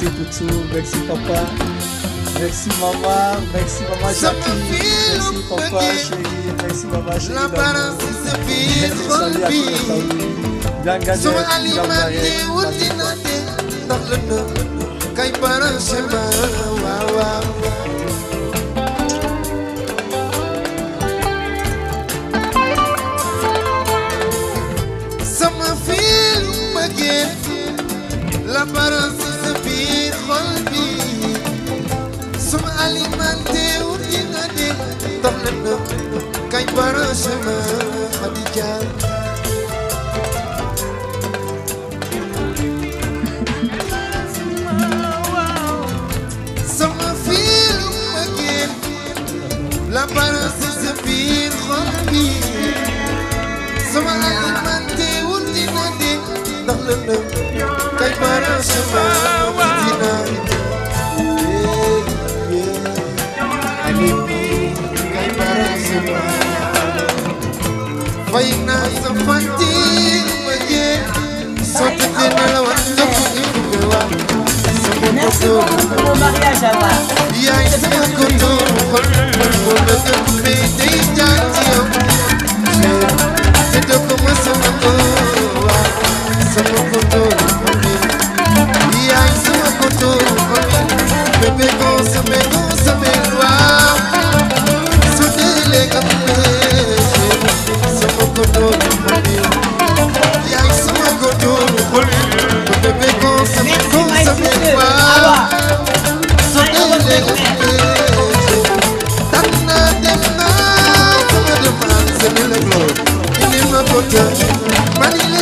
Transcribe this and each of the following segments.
merci Poutou, merci papa, merci maman, merci maman Jackie, merci papa chéri, merci maman chéri d'amour, merci Sali à tous les familles, bien gagné, bien marié, merci papa. la parole biir xol bi su ma alimenté wu dina dem dox na dox kañ baroon sama Xadija sama fiilu ma génn la baroon si sa biir xol bi su ma alimenté wu dina dem dox na dox Kaibaran semawa Alibi Kaibaran semawa Faina safati Maje Sote tena la wanda kunyewa Sema koto Ia isi koto Bébé gosse, bébé gosse, bébé gosse Soudé les gâteaux Sama koto lumoli Yaay sama koto lumoli Bébé gosse, bébé gosse, bébé gosse Soudé les gâteaux Tana demna Sama demna, c'est bien le glow Il est ma pote Manile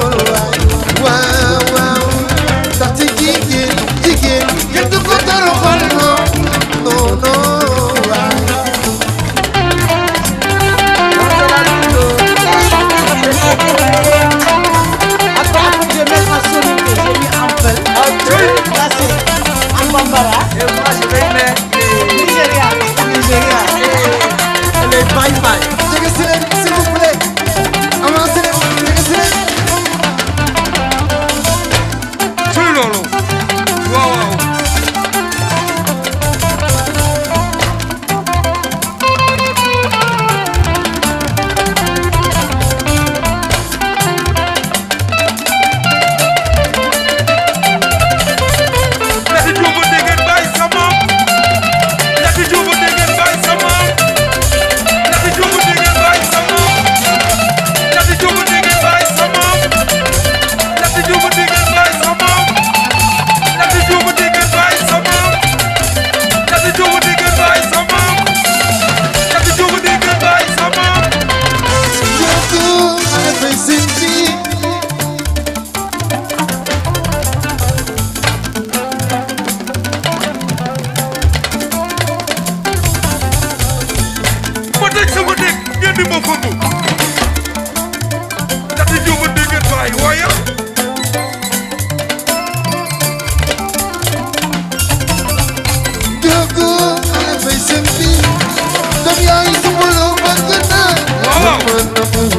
ni ma fëgg ndax di jóoma dégg baay waaye dëgg ala fay sëmbi dam yaay sumuloo ma gën a waaw